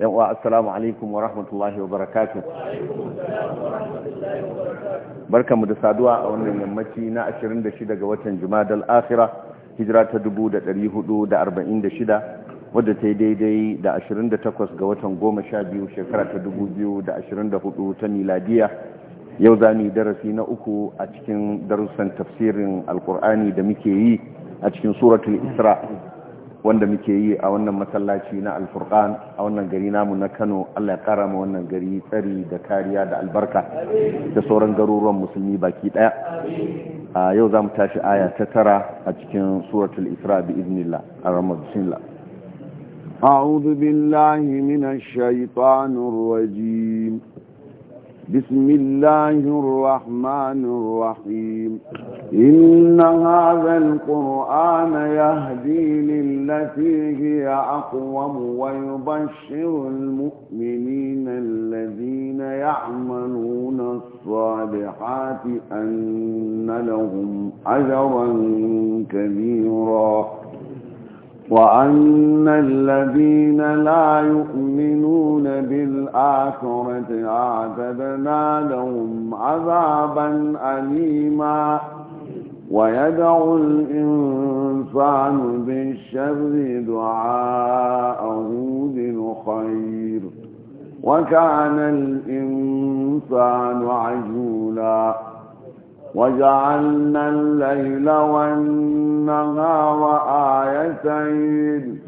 yan uwa assalamu alaikum wa rahmatullahi wa barakatuh barkamu da saduwa a wannan yammaci na 26 ga watan jumadal akhira hijira ta 1446 wadda ta daidai da 28 ga watan 12 shekara ta 2024 ta miladiya yau za yi darasi na uku a cikin darussan tafsirin alkur'ani da muke yi a cikin suratul isra' wanda muke yi a wannan masallaci na alfurkan a wannan gari namu na kano allah ya kara ma wannan gari tsari da kariya da albarka da sauran garuruwan musulmi baki daya a yau za mu tashi aya ta tara a cikin suratul isra bi iznillah a ramadan أعوذ بالله من الشيطان الرجيم بسم الله الرحمن الرحيم إن هذا القرآن يهدي للتي هي أقوم ويبشر المؤمنين الذين يعملون الصالحات أن لهم أجرا كبيرا وأن الذين لا يؤمنون بالآخرة أعتدنا لهم عذابا أليما ويدعو الإنسان بالشر دعاءه بالخير وكان الإنسان عجولا وجعلنا الليل والنهار آيتين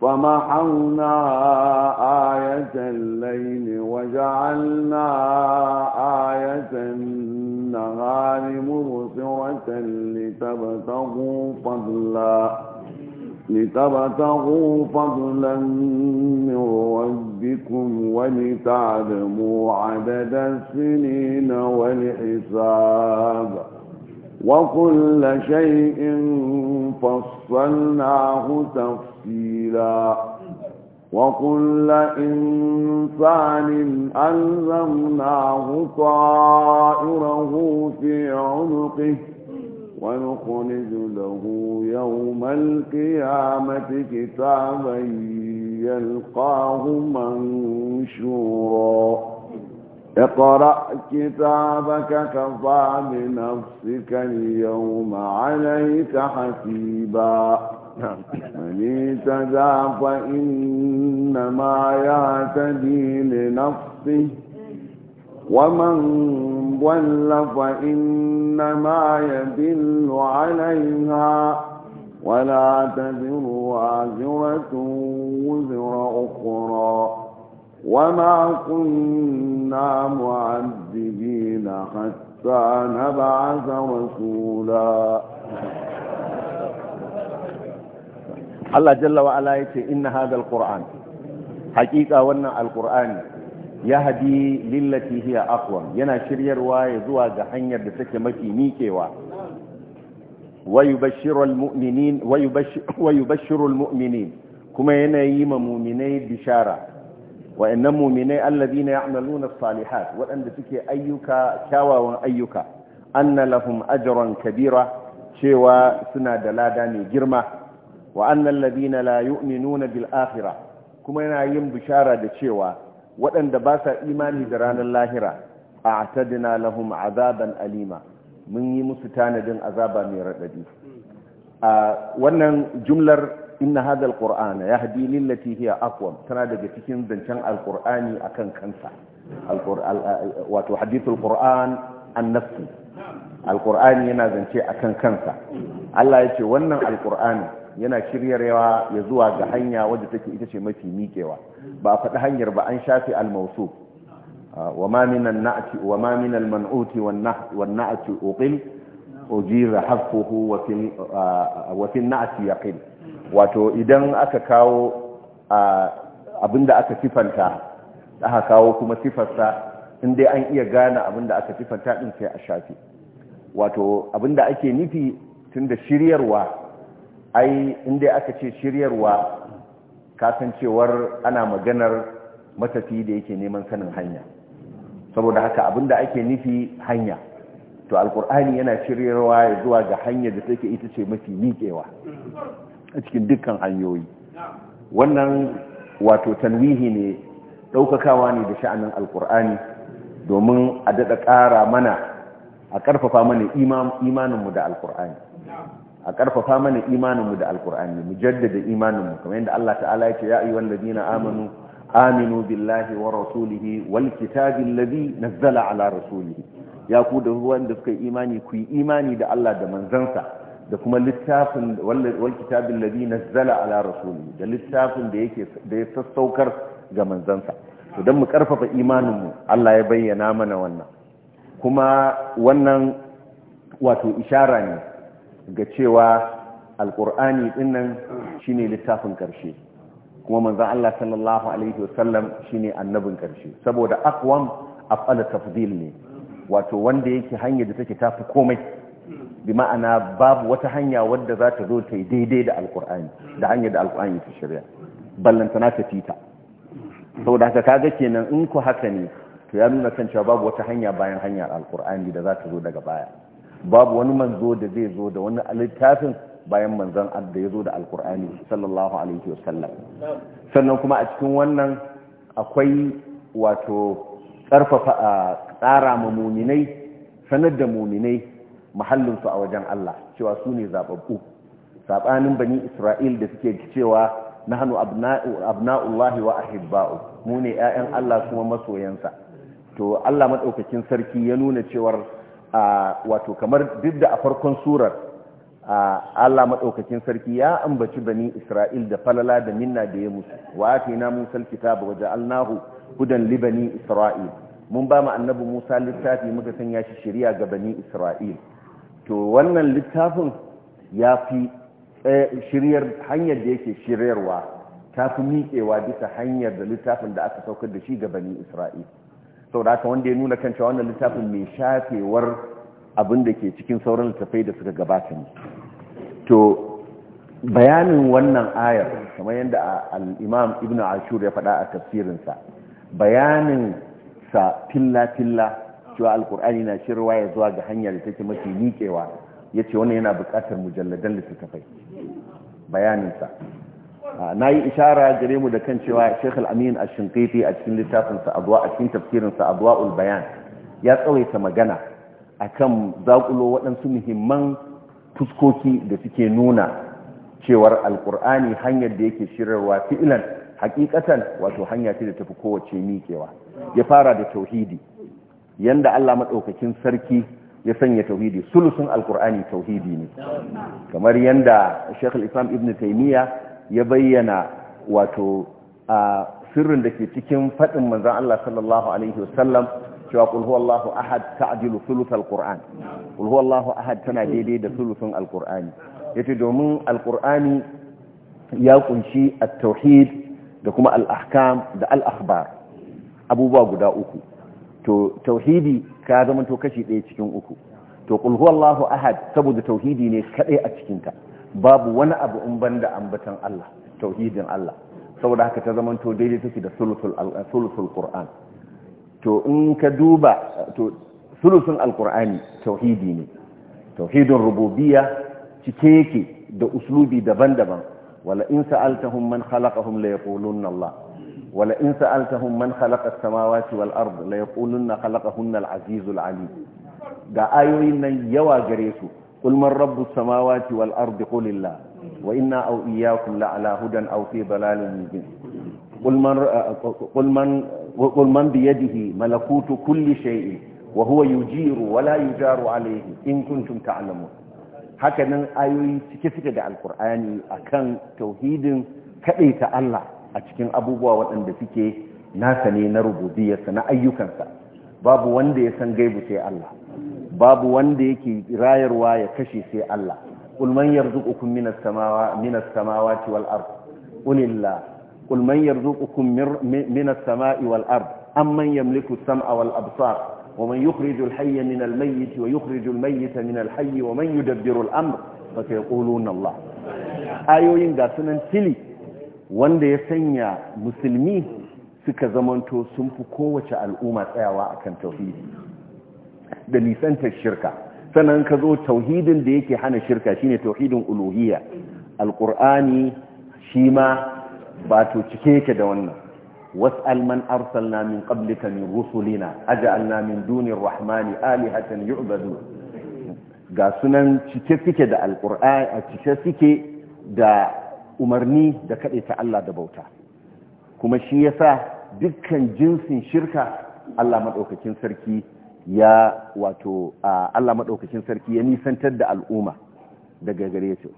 فمحونا آية الليل وجعلنا آية النهار مبصرة لتبتغوا فضلاً لتبتغوا فضلا من ربكم ولتعلموا عدد السنين والحساب وكل شيء فصلناه تفصيلا وكل إنسان ألزمناه طائره في عنقه ونخرج له يوم القيامة كتابا يلقاه منشورا اقرأ كتابك كفى بنفسك اليوم عليك حسيبا من اهتدى فإنما يعتدي لنفسه ومن ضل فإنما يدل عليها ولا تذر وازرة وزر أخرى وما كنا معذبين حتى نبعث رسولا الله جل وعلا يقول إن هذا القرآن حقيقة وأن القرآن yahdi lillati hiya aqwam yana shiryarwa ya zuwa ga hanyar da take mafi miƙewa wa bashirul almu'minin kuma yana yi ma mu'minai bishara wa'annan mu'minai alladhina ya'maluna as-salihat waɗanda suke ayyuka kyawawan ayyuka anna lahum ajran kabira cewa suna da lada mai girma wa annal ladina la yu'minuna bil akhirah kuma yana yin bishara da cewa waɗanda ba sa imani da ranar lahira a atadina lahum azaban alima mun yi musu tanadin azaba mai raɗaɗi a wannan jumlar inna hadha ya yahdi lillati hiya aqwam tana daga cikin zancen alqur'ani akan kansa wato hadithul qur'an an-nafsi alqur'ani yana zance akan kansa Allah ya ce wannan alqur'ani yana shiryarwa ya zuwa ga hanya wadda take ita ce mafi miƙewa ba a faɗi hanyar ba an shafi almausu ah, wa ma min an wa ma min manuti wan na'ati uqil ujira hafuhu wa fi wa fil ah, na'ti yaqil wato idan aka kawo ah, abinda aka sifanta aka kawo kuma sifarsa in dai an iya gane abinda aka sifanta din sai a shafi wato abinda ake nufi tunda shiryarwa ai dai aka ce shiryarwa kasancewar ana maganar matafi da yake neman sanin hanya saboda haka abinda ake nufi hanya to alkur'ani yana shiryarwa ya zuwa ga hanya da take ita ce mafi miƙewa a cikin dukkan hanyoyi wannan wato tanwihi ne ɗaukakawa ne da sha'anin alkur'ani domin a daɗa ƙara mana a ƙarfafa mana imaninmu da alkur'ani a karfafa mana imaninmu da alkur'ani mu jaddada imaninmu kamar yadda Allah ta'ala ya ce ya ayyuhal ladina amanu aminu billahi wa rasulihi wal kitabi alladhi nazzala ala rasulihi ya ku da ruwan da suka imani ku yi imani da Allah da manzansa da kuma littafin wal kitabi alladhi nazzala ala rasulihi da littafin da yake da ya sassaukar ga manzansa to dan mu karfafa imaninmu Allah ya bayyana mana wannan kuma wannan wato ishara ne ga cewa alƙur'ani dinnan shine littafin ƙarshe kuma manzon Allah sallallahu alaihi wasallam shine annabin ƙarshe saboda aqwam af'al tafdil ne wato wanda yake hanya da take tafi komai bi ma'ana babu wata hanya wadda za ta zo ta yi daidai da alƙur'ani da hanyar da alƙur'ani ta shirya ballantana ta fita saboda haka kaga kenan in ku haka ne to ya nuna kan cewa babu wata hanya bayan hanyar alkur'ani da za ta zo daga baya babu wani manzo da zai zo da wani littafin bayan manzon da ya zo da alkur'ani sallallahu alaihi wasallam sannan kuma a cikin wannan akwai wato karfafa a tsara ma muminai sanar da muminai mahallinsu a wajen Allah cewa su ne zababbu sabanin bani Isra'il da suke cewa nahnu abna'ullahi wa ahibba'u mu ne ƴaƴan Allah kuma masoyansa to Allah madaukakin sarki ya nuna cewar wato kamar duk da a farkon surar Allah maɗaukakin sarki ya ambaci bani Isra'il da falala da minna da ya musu wa ake na musal kitaba waje alnahu hudan libani Isra'il mun ba mu annabi Musa littafi muka sanya shi shirya ga bani Isra'il to wannan littafin ya fi eh, shiryar hanyar da yake shiryarwa ta fi miƙewa bisa hanyar da littafin da aka saukar da shi ga bani Isra'il saboda haka wanda ya nuna kan cewa wannan littafin mai shafewar abin da ke cikin sauran littafai da suka gabata ne to bayanin wannan ayar kamar yadda alimam ibn ibnu ashur ya faɗa a tafsirinsa bayanin sa filla-filla cewa alkur'ani na shirwa ya zuwa ga hanyar da take mafi miƙewa ya ce wannan yana buƙatar mujalladan littattafai bayaninsa Ah, na yi ishara gare mu da kan cewa Sheikh Al-Amin ash a cikin littafin sa a cikin tafsirin sa ulbayan ya tsawaita magana a kan zaƙulo waɗansu muhimman fuskoki da suke nuna cewar alƙur'ani hanyar da yake shirarwa fi'ilan hakikatan wato hanya ce da tafi kowace miƙewa ya fara da tauhidi yanda Allah madaukakin sarki ya sanya tauhidi sulusun alkur'ani tauhidi ne kamar yadda shekul islam Ibn taimiyya ya bayyana wato a sirrin da ke cikin faɗin manzan Allah sallallahu alaihi wasallam cewa qul huwallahu ahad ta'dilu thuluth alquran qul huwallahu ahad tana daidai da thuluthin ya ce domin Al-Qur'ani ya kunshi at-tauhid da kuma al-ahkam da al-akhbar abubuwa guda uku to tauhidi ka zama to kashi ɗaya cikin uku to qul huwallahu ahad saboda tauhidi ne kadai a cikin ta babu wani abu in banda ambatan Allah tauhidin Allah saboda haka ta zaman to daidai take da sulusul sulusul qur'an to in ka duba to sulusun alqur'ani tauhidi ne tauhidin rububiyya cike yake da uslubi daban-daban wala in sa'altahum man khalaqahum la yaqulunna Allah wala in sa'altahum man khalaqa as-samawati wal ard la yaqulunna khalaqahunna al-azizul alim ga ayoyin nan yawa gare su qul man rabbus samawati wal ardi wa inna aw iyyakum la ala hudan aw fi dalalin mubin qul man malakutu kulli shay'in wa huwa yujiru wa la yujaru alayhi in kuntum ta'lamun haka nan ayoyi cike suke da Alkur'ani, akan tauhidin kadaita Allah a cikin abubuwa waɗanda suke nasa ne na rububiyarsa na ayyukansa babu wanda ya san gaibu sai Allah babu wanda yake rayarwa ya kashe sai Allah kul man yarzuqukum minas samawa minas samawati wal ard qulillah kul man yarzuqukum minas samai wal ard amman yamliku sama wal absar ومن يخرج الحي من الميت ويخرج الميت من الحي ومن يدبر الأمر فسيقولون الله ayoyin ga sunan tili wanda ya sanya musulmi suka zamanto sun fi kowace al'umma tsayawa akan tauhidi da nisantar shirka sannan ka zo tauhidin da yake hana shirka shine tauhidin uluhiyya alqur'ani shi ma ba to cike yake da wannan was'al man arsalna min qablika min rusulina aj'alna min dunir rahmani alihatan yu'badu ga sunan cike suke da alqur'ani a cike suke da umarni da kade ta Allah da bauta kuma shi yasa dukkan jinsin shirka Allah madaukakin sarki ya wato Allah madaukakin sarki ya nisantar da al'umma daga gare su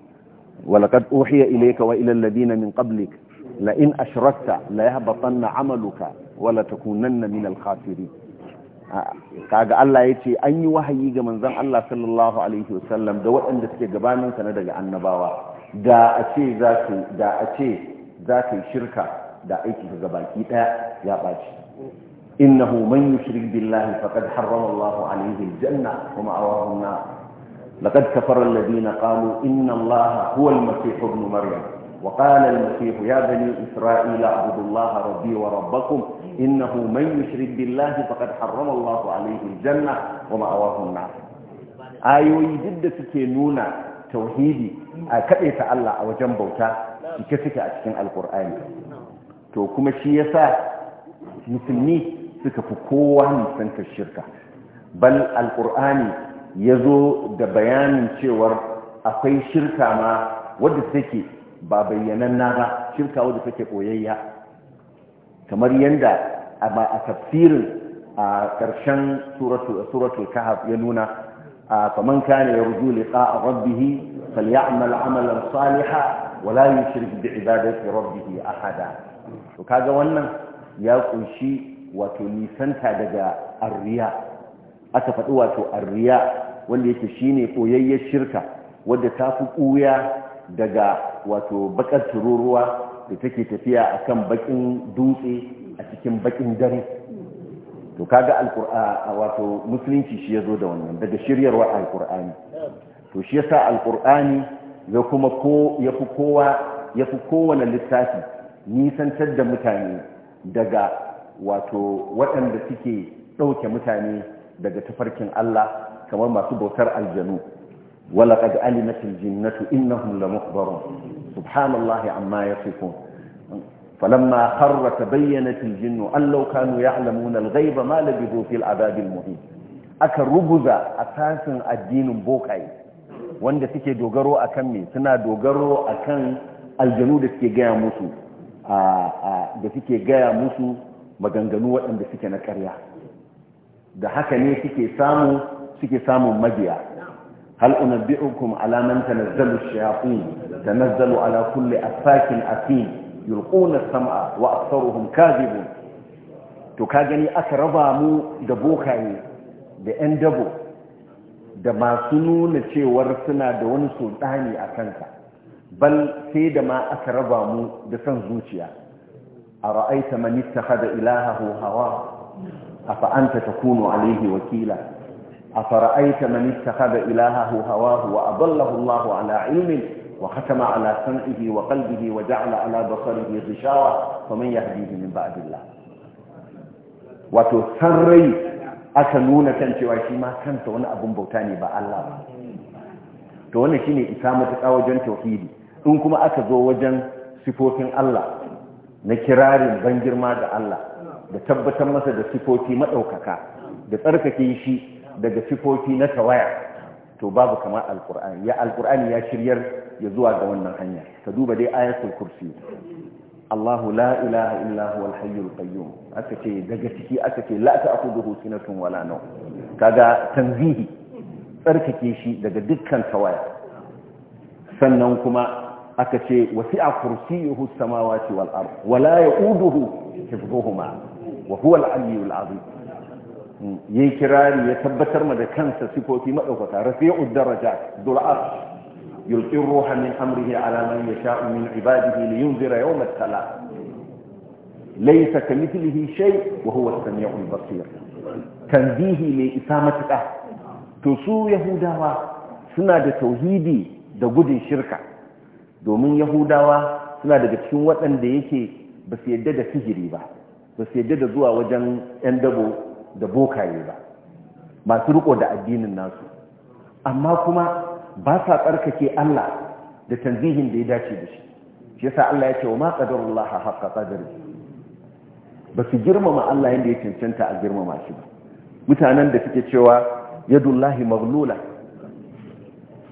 walaqad uhiya ilayka wa ila alladhina min qablik la in ashrakta la yahbatanna 'amaluka wa la takunanna min al-khasirin kaga Allah yace an yi wahayi ga manzon Allah sallallahu alaihi wasallam da waɗanda suke gabanin sa na daga annabawa da a ce za su da a ce za su shirka da aiki ga baki daya ya baci إنه من يشرك بالله فقد حرم الله عليه الجنة ومأواه النار لقد كفر الذين قالوا إن الله هو المسيح ابن مريم وقال المسيح يا بني إسرائيل اعبدوا الله ربي وربكم إنه من يشرك بالله فقد حرم الله عليه الجنة ومأواه النار آيوي جدة كينونا توحيدي كأيت الله أو جنبوتا كسك أتكين القرآن تو كما شيء يسا musulmi suka fi kowa nisantar shirka bal Alƙur'ani ya zo da bayanin cewar akwai shirka ma wadda take ba bayyanan ba shirka wadda take koyayya kamar yadda a tafsirin a ƙarshen suratul kahaf ya nuna فمن كان يرجو لقاء ربه فليعمل عملا صالحا ولا يشرك rabbihi ahada to kaga wannan ya kunshi wato nisanta daga arriya aka faɗi wato arriya wanda yake shine koyayyar shirka wadda ta fi ƙuya daga wato bakar tururuwa da take tafiya akan bakin dutse a cikin bakin dare to kaga alqur'ani wato musulunci shi zo da wannan daga shiryarwar Alƙur'ani. to shi yasa ya kuma ko yafi kowa yafi kowane littafi nisantar da mutane daga wato waɗanda suke ɗauke mutane daga tafarkin Allah kamar masu bautar aljanu wala qad alimatil jinnatu innahum lamuhbarun subhanallahi amma yasifun فلما خر تبينت الجن أن لو كانوا يعلمون الغيب ما لبثوا في العذاب المهين aka rubuza asasin addinin bokai, wanda suke dogaro akan me suna dogaro akan aljanu da suke gaya musu da suke gaya musu maganganu waɗanda suke na ƙarya da haka ne suke samu suke samun mabiya hal unabbi'ukum ala man tanazzalu shayatin tanazzalu ala kulli asakin asin yulquna as-sam'a wa aktharuhum kadhibun to ka gani aka raba mu da bokaye da yan dabo da masu nuna cewar suna da wani sultani a kanka bal sai da ma aka raba mu da san zuciya أرأيت من اتخذ إلهه هواه أفأنت تكون عليه وكيلا أفرأيت من اتخذ إلهه هواه وأضله الله على علم وختم على سمعه وقلبه وجعل على بصره غشاوة فمن يهديه من بعد الله وتسري أكنون كنت وشيما كنت وانا أبن بوتاني با الله to wannan shine isa matuƙa wajen tauhidi in kuma aka zo wajen sifofin Allah na kirarin ban girma ga Allah da tabbatar masa da sifofi maɗaukaka da tsarkake shi daga sifofi na tawaya to babu kamar alkur'ani ya alkur'ani ya shiryar ya zuwa ga wannan hanya ka duba dai ayatul kursi Allahu la ilaha illa huwa al-hayyul qayyum aka ce daga ciki aka ce la ta'khudhuhu sinatun wala nawm kaga tanzihi tsarkake shi daga dukkan tawaya sannan kuma aka ce kursi kursiyuhu samawati wal ard wala yauduhu hifdhuhuma wa huwa al aliyyul azim hmm. yayi kirari ya tabbatar ma da kansa sifofi madaukaka rafi'ud daraja dul arsh yulqi ruha min amrihi ala ya yasha'u min ibadihi liyunzira yawm at-talaq laysa kamithlihi shay wa huwa as-sami'ul basir tanbihi ne isa matuƙa to su yahudawa suna da tauhidi da gudun shirka domin yahudawa suna daga cikin waɗanda yake ba su yadda da sihiri ba ba su yadda da zuwa wajen 'yan dabo da bokaye ba masu riko da addinin nasu amma kuma ba sa tsarkake Allah da tanzihin da ya dace da shi shi yasa Allah ya ce wa ma haka haqqa ba su girmama Allah yadda ya cancanta a girmama shi ba mutanen da suke cewa yadullahi maglula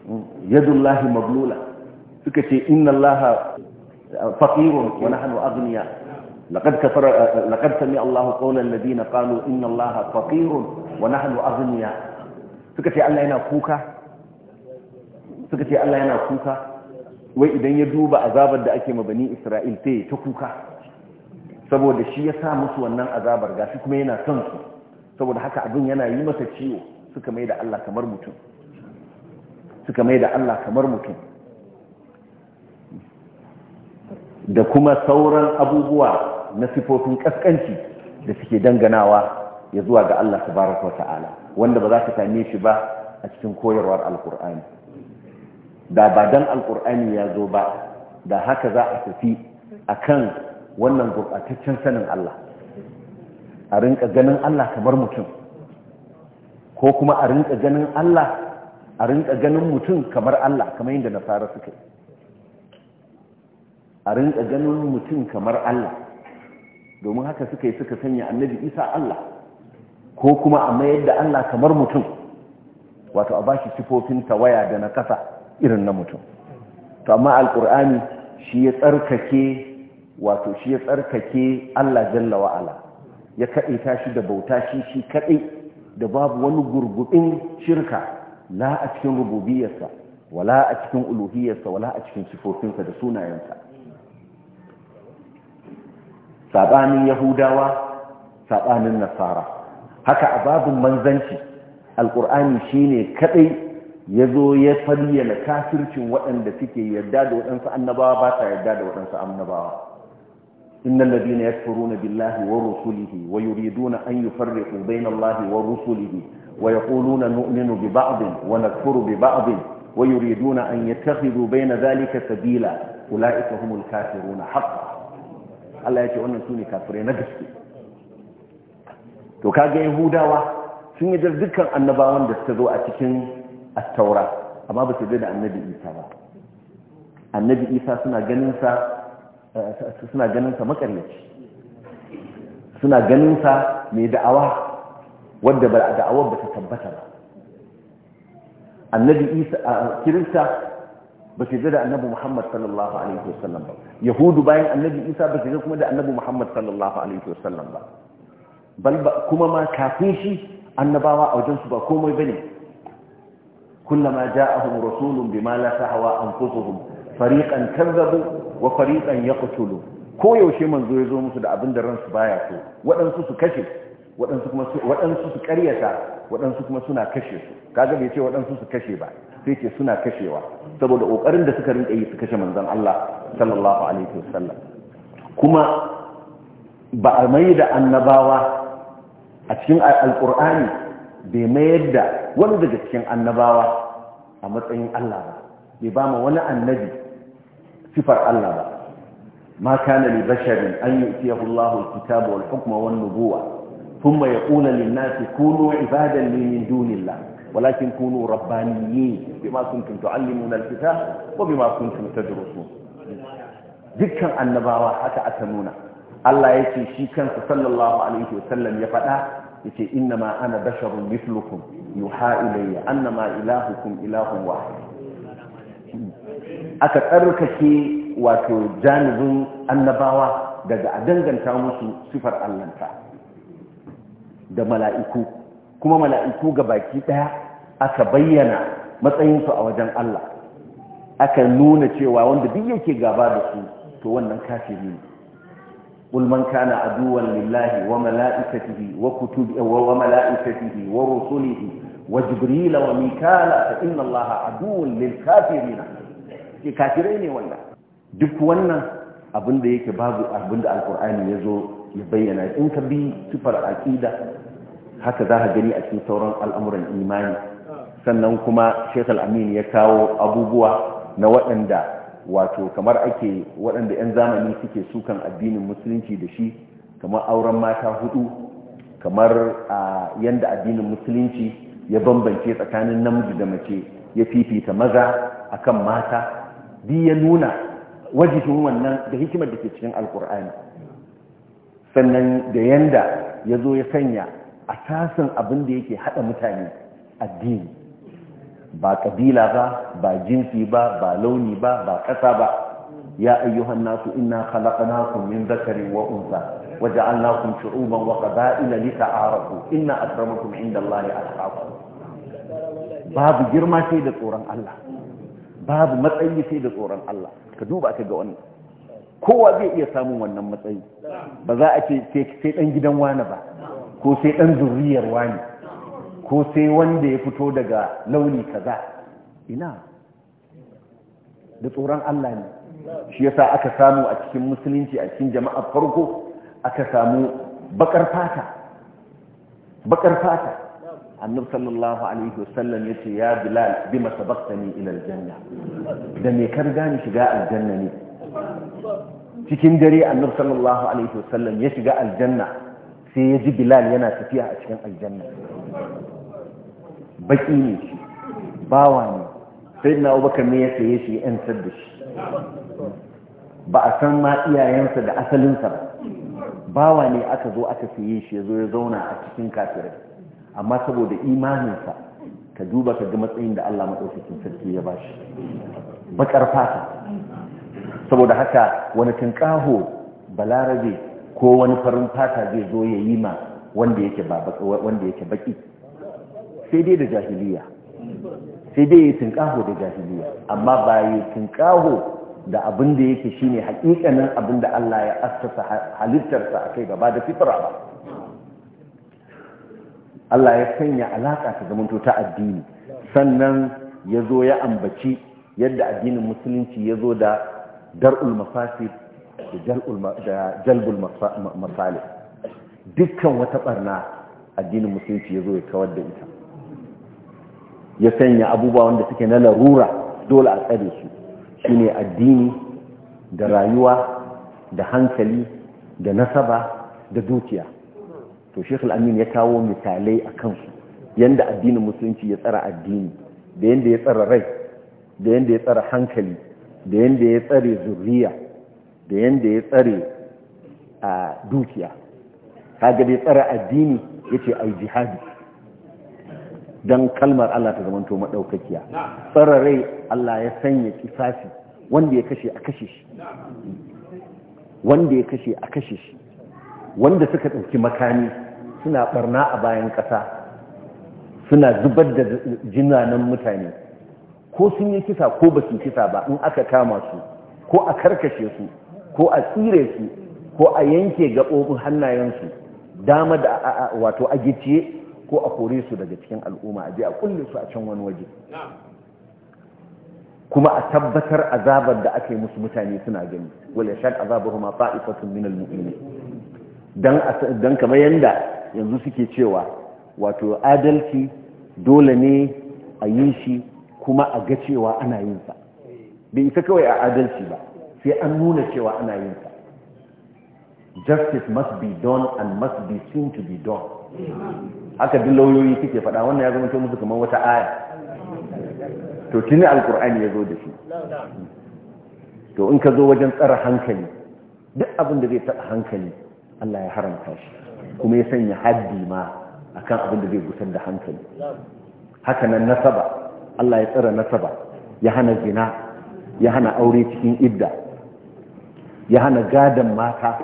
hmm, yadullahi maglula suka ce inna allaha faqirun wa nahnu aghniya laqad kafara laqad sami allahu qawla alladhina qalu inna allaha faqirun wa nahnu aghniya suka ce Allah yana kuka suka ce Allah yana kuka wai idan ya duba azabar da ake ma bani Isra'il sai ta kuka saboda shi ya sa musu wannan azabar gashi kuma yana son su saboda haka abin yana yi masa ciwo suka mai da Allah kamar mutum suka mai da Allah kamar mutum da kuma sauran abubuwa na sifofin kaskanci da suke danganawa ya zuwa ga Allah baraka wa ta'ala wanda ba za ka same shi ba a cikin koyarwar alkur'ani da ba dan alkur'ani ya zo ba da haka za a tafi a kan wannan gurbataccen sanin Allah a rinka ganin Allah kamar mutum ko kuma a rinka ganin Allah a rinka ganin mutum kamar Allah kamar yadda nasara suka yi a rinka ganin mutum kamar Allah domin haka suka yi suka sanya annabi isa Allah ko kuma a mayar da Allah kamar mutum wato a bashi sifofin tawaya da na kasa irin na mutum to amma alkur'ani shi ya tsarkake wato shi ya tsarkake Allah jalla wa'ala ya kaɗe shi da bauta shi shi kaɗai da babu wani gurgubin shirka la a cikin rububiyarsa wala a cikin uluhiyarsa wala a cikin sifofinsa da sunayensa saɓanin yahudawa saɓanin nasara haka a babin manzanci Alƙur'ani shi ne kaɗai ya zo ya fariyana kafircin waɗanda suke yarda da waɗansu annabawa ba ta yarda da waɗansu annabawa inna lalabi na ya furu na billahi wa rusulihi wa yi rido farre ƙubai na lahi wa rusulihi wa ya ƙolo na nuninu bi wa na furu bi ba'abin wa yi tafi dubai zalika sabila ula ita humul kafiruna na Allah ya ce wannan su ne kafirai na gaske to kaga yahudawa sun yi dukkan annabawan da suka zo a cikin attaura amma ba su da annabi isa ba annabi isa suna ganinsa eh, suna ganinsa makaryaci suna ganinsa mai da'awa wadda ba da'awar ba ta tabbata ba annabi isa kirista ba su da annabi Muhammad sallallahu alaihi wasallam ba yahudu bayan annabi Isa ba su kuma da annabi Muhammad sallallahu alaihi wasallam ba bal kuma ma kafin shi annabawa a wajen su ba komai bane kullama ja'ahum rasulun bima la tahwa anfusuhum fariqan kazzabu wa fariqan yaqtulu ko yaushe manzo yazo musu da abin da ransu baya so waɗansu su kashe waɗansu kuma waɗansu su karyata. waɗansu kuma suna kashe su kaga bai ce waɗansu su kashe ba sai ce suna kashewa saboda ƙoƙarin da suka rinka yi su kashe manzon Allah sallallahu alaihi wasallam kuma ba a mai da annabawa a cikin alƙur'ani bai mayar da wani daga cikin annabawa a matsayin Allah ba bai ba ma wani annabi sifar Allah ba ma kana li basharin an yu'tiyahu Allahu al-kitaba wal hukma wan nubuwa thumma yaqulu lin-nasi kunu ibadan li min dunillah walakin kunu rabbaniyin bima kuntum tu'allimuna alkitab wa bima kuntum tadrusun dukkan annabawa haka aka nuna Allah ce shi kansa sallallahu alaihi wasallam ya faɗa yace inna ma ana basharun mithlukum yuha ilayya annama ilahukum ilahun wahid aka tsarkake wato janibin annabawa daga a danganta musu sifar allanta da mala'iku kuma mala'iku ga baki ɗaya aka bayyana matsayinsu a wajen Allah aka nuna cewa wanda duk yake gaba da su to wannan kafiri ne قل من wa عدوا لله وملائكته وكتبه وملائكته ورسله وجبريل وميكال فإن الله عدو للكافرين ke kafirai ne wannan duk wannan abin da yake babu abin da alkur'ani ya zo ya bayyana in ka bi sifar aƙida haka za ka gani a cikin sauran al'amuran imani sannan kuma shekul amin ya kawo abubuwa na waɗanda wato kamar ake waɗanda 'yan zamani suke sukan addinin musulunci da shi kamar auren mata hudu kamar a yadda addinin musulunci ya bambance tsakanin namiji da mace ya fifita maza a kan mata bi ya nuna wajifin wannan da hikimar da ke cikin alkur'ani sannan da yadda ya zo ya sanya asasin abin da yake haɗa mutane addini ba kabila ba ba jinsi ba ba launi ba ba ƙasa ba ya ayyuhan nasu inna khalaqnakum min dhakarin wa unsa وجعلناكم شعوبا وقبائل لتعارفوا ان اكرمكم عند الله اتقاكم Babu girma sai da tsoron Allah babu matsayi sai da tsoron Allah ka duba ka ga wannan kowa zai iya samun wannan matsayi ba za a ce sai dan gidan wani ba ko sai ɗan zurriyar wani ko sai wanda ya fito daga launi kaza ina da tsoron Allah ne shi yasa aka samu a cikin musulunci a cikin jama'ar farko aka samu bakar fata bakar fata annab sallallahu alaihi wasallam ya ce ya bilal bi masabaqtani ila aljanna da me kar gani shiga aljanna ne cikin dare annab sallallahu alaihi wasallam ya shiga aljanna sai ya ji bilal yana tafiya a cikin aljanna baki ne shi bawa ne sai na abubakar ne ya saye shi ya yantar da shi ba a san ma iyayensa da asalinsa ba bawa ne aka zo aka saye shi ya zo ya zauna a cikin kafirai amma saboda imaninsa ka duba ka ga matsayin da Allah maɗaukakin sarki ya ba shi baƙar fata saboda haka wani tunƙaho balarabe ko wani farin fata zai zo ya yi ma wanda yake baki sai dai da jahiliya sai dai ya tunƙaho da jahiliya amma ba ya tunƙaho da abin da yake ne hakikanin abin da Allah ya asasa halittarsa a kai gaba da fitura ba Allah ya sanya alaƙa ta zamanto ta addini sannan ya zo ya ambaci yadda addinin musulunci ya zo da dar'ul mafasir da jalbul masali dukkan wata barna addinin musulunci ya zo ya kawar da ita ya sanya abubuwa wanda suke na larura dole a tsare su shine addini da rayuwa da hankali da nasaba da dukiya to shekh amin ya kawo misalai a kansu yadda addinin musulunci ya tsara addini da yadda ya tsara rai da yadda ya tsara hankali da yadda ya tsare zurriya da yadda ya tsare a dukiya kaga da ya tsare addini ya ce a jihadi Don kalmar Allah ta zamanto maɗaukakiya. tsare rai Allah ya sanya kisasi wanda ya kashe a kashe shi wanda ya kashe a kashe shi wanda suka ɗauki makami suna ɓarna a bayan ƙasa suna zubar da jinanan mutane ko sun yi kisa ko ba su kisa ba in aka kama su ko a karkashe su ko a tsire su ko a yanke gaɓoɓin hannayensu dama da wato a gicciye ko a kore su daga cikin al'umma a je a kulle su a can wani waje kuma a tabbatar azabar da aka yi musu mutane suna gani wale azabar ma fa'ifatun minal mu'minin dan dan kamar yadda yanzu suke cewa wato adalci dole ne a yi shi kuma a ga cewa ana yin sa bai isa kawai a adalci ba sai an nuna cewa ana yin ta justice must be done and must be seen to be done haka duk lauyoyi suke faɗa wannan ya zama ce musu kamar wata aya to tuni alkur'ani ya zo da shi to in ka zo wajen tsara hankali duk abin da zai taɓa hankali Allah ya haramta shi kuma ya sanya haddi ma akan abin da zai gusar da hankali haka nan nasaba Allah ya tsara nasaba ya hana zina ya hana aure cikin idda ya hana gadon mata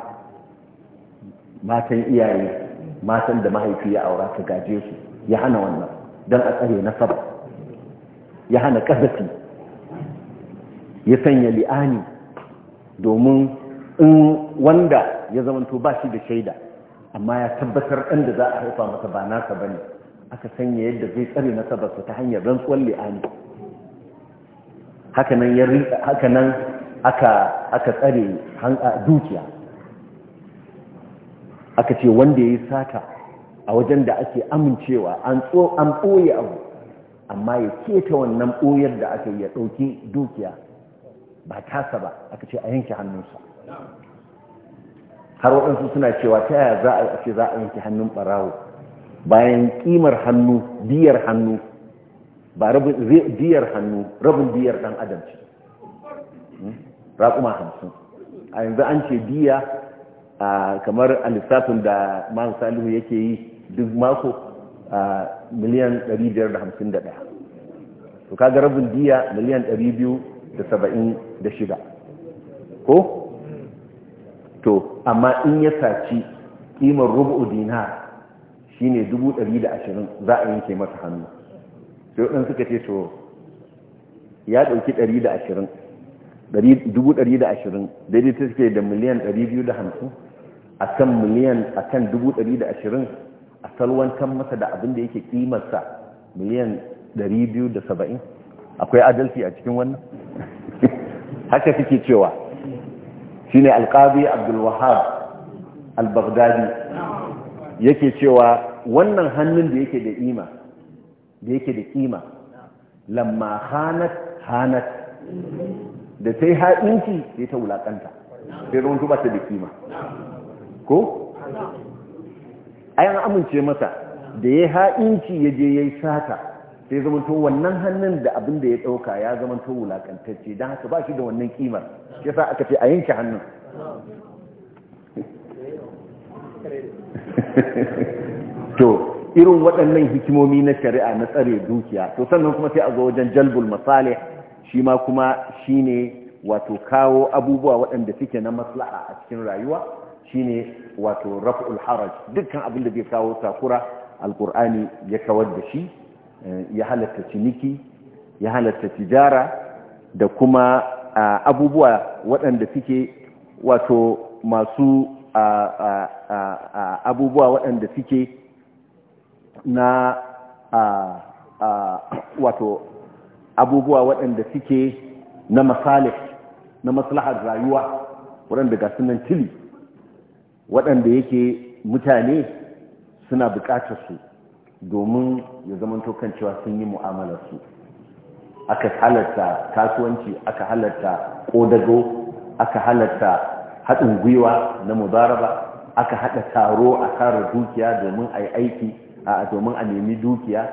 matan iyaye matan da mahaifi ya aura ka gaje su ya hana wannan don a tsare nasaba ya hana ƙazafi ya sanya li'ani domin in wanda ya zamanto ba shi da shaida amma ya tabbatar ɗan da za a haifa masa ba nasa ba ne aka sanya yadda zai tsare na su ta hanyar rantsuwar li'ani hakanan aka aka tsare dukiya aka ce wanda ya yi sata a wajen da ake amincewa an ɓoye abu amma ya keta wannan ɓoyar da aka yi ya ɗauki dukiya ba tasa ba aka ce a yanke hannunsa har waɗansu suna cewa ta yaya za a ce za a yanke hannun ɓarawo bayan ƙimar hannu biyar hannu ba rabin biyar hannu rabin biyar ɗan adam raƙuma hamsin a yanzu an ce diya kamar a lissafin da ma'am salihu yake yi duk mako a miliyan 551 to kaga rabin diya miliyan 276 ko? to amma in ya saci kimar rubu dinar shine 120 za a yanke masa hannu sai waɗansu suka ce to ya ɗauki 120 120 daidai ta suke da miliyan 250 a kan miliyan a kan 120 a salwantar masa da abin da yake kimarsa miliyan 270 akwai adalci a cikin wannan haka suke cewa shi ne alkazi abdulwahab al-baghdadi yake cewa wannan hannun da yake da ima da yake da kima lamma hanat hanat da sai ha'inci sai ta wulakanta sai ruwan ba ta da kima ko ai an amince masa da ya ha'inci ya je ya yi sata sai zama to wannan hannun da abin da ya ɗauka ya zama to wulakantacce don haka ba shi da wannan kimar ya sa aka ce a yanke hannun to irin waɗannan hikimomi na shari'a na tsare dukiya to sannan kuma sai a zo wajen jalbul masalih shi ma kuma shi ne wato kawo abubuwa waɗanda suke na maslaha a cikin rayuwa shi ne wato raf'ul haraj dukkan abin da zai kawo takura alkur'ani ya kawar da shi eh, ya halatta ciniki ya halatta tijara da kuma abubuwa waɗanda suke wato masu abubuwa waɗanda suke na wato abubuwa waɗanda suke na na maslahar rayuwa waɗanda ga sunan tili waɗanda yake mutane suna buƙatar su domin ya zamanto kan cewa sun yi mu'amalar su aka halarta kasuwanci aka halarta ƙodago aka halarta haɗin gwiwa na mubaraba aka haɗa taro a kara dukiya domin a yi aiki a domin a nemi dukiya